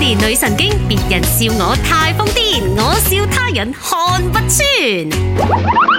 連女神經，別人笑我太瘋癲，我笑他人看不穿。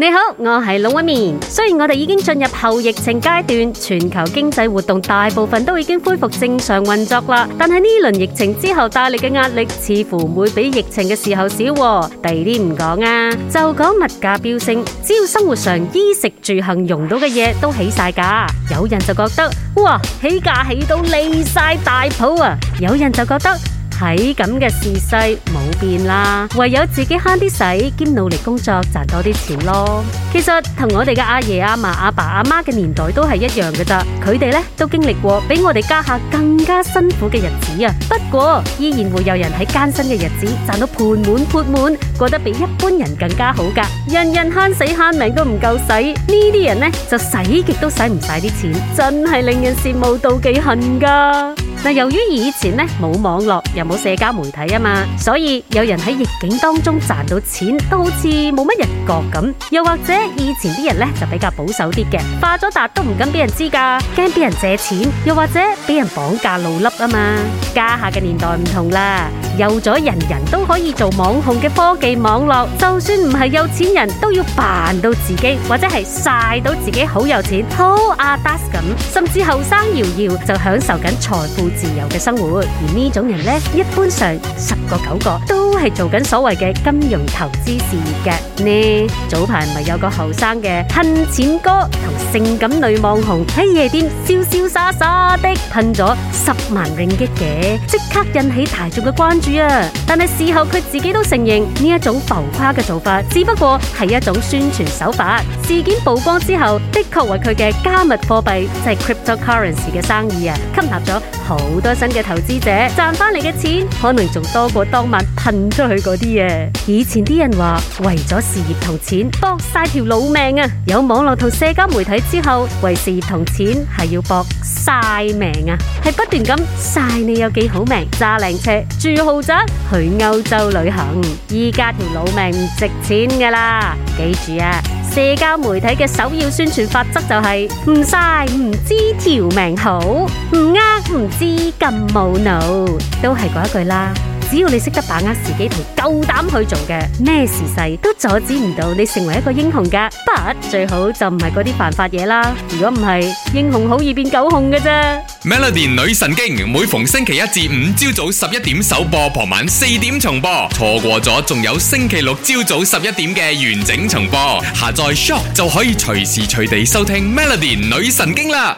你好，我係龍紋敏。雖然我哋已經進入後疫情階段，全球經濟活動大部分都已經恢復正常運作啦，但係呢輪疫情之後帶嚟嘅壓力似乎會比疫情嘅時候少喎。第二啲唔講啊，就講物價飆升，只要生活上衣食住行用到嘅嘢都起晒價。有人就覺得哇，起價起到離晒大譜啊！有人就覺得。喺咁嘅時勢冇變啦，唯有自己慳啲使兼努力工作賺多啲錢咯。其實同我哋嘅阿爺阿嫲阿爸阿媽嘅年代都係一樣嘅咋，佢哋呢都經歷過比我哋家下更加辛苦嘅日子啊。不過依然會有人喺艱辛嘅日子賺到盤滿缽滿，過得比一般人更加好噶。人人慳死慳命都唔夠使，呢啲人呢就使極都使唔晒啲錢，真係令人羨慕妒忌恨噶。嗱，由於以前咧冇網絡又冇社交媒體啊嘛，所以有人喺逆境當中賺到錢都好似冇乜人覺咁。又或者以前啲人呢，就比較保守啲嘅，發咗達都唔敢俾人知㗎，驚俾人借錢，又或者俾人綁架擄掠啊嘛。家下嘅年代唔同啦。有咗人人都可以做網紅嘅科技網絡，就算唔係有錢人都要扮到自己，或者係晒到自己好有錢，好啊得戚咁，甚至後生搖搖就享受緊財富自由嘅生活。而呢種人呢，一般上十個九個都係做緊所謂嘅金融投資事業嘅。呢早排咪有個後生嘅噴錢哥同性感女網紅喺夜店瀟瀟灑灑的噴咗十萬令吉嘅，即刻引起大眾嘅關注住啊！但係事後佢自己都承認呢一種浮誇嘅做法，只不過係一種宣傳手法。事件曝光之後，的確為佢嘅加密貨幣即係、就是、cryptocurrency 嘅生意啊，吸納咗好多新嘅投資者，賺翻嚟嘅錢可能仲多過當晚噴出去嗰啲啊！以前啲人話為咗事業同錢搏晒條老命啊，有網絡同社交媒體之後，為事業同錢係要搏晒命啊，係不斷咁晒你有幾好命，揸靚車負責去歐洲旅行，依家條老命唔值錢㗎喇！記住啊，社交媒體嘅首要宣傳法則就係唔晒唔知條命好，唔呃唔知咁冇腦，都係嗰一句啦。只要你識得把握時機同夠膽去做嘅，咩時勢都阻止唔到你成為一個英雄噶。但最好就唔係嗰啲犯法嘢啦。如果唔係，英雄好易變狗熊嘅啫。Melody 女神經每逢星期一至五朝早十一點首播，傍晚四點重播。錯過咗，仲有星期六朝早十一點嘅完整重播。下載 Show 就可以隨時隨地收聽 Melody 女神經啦。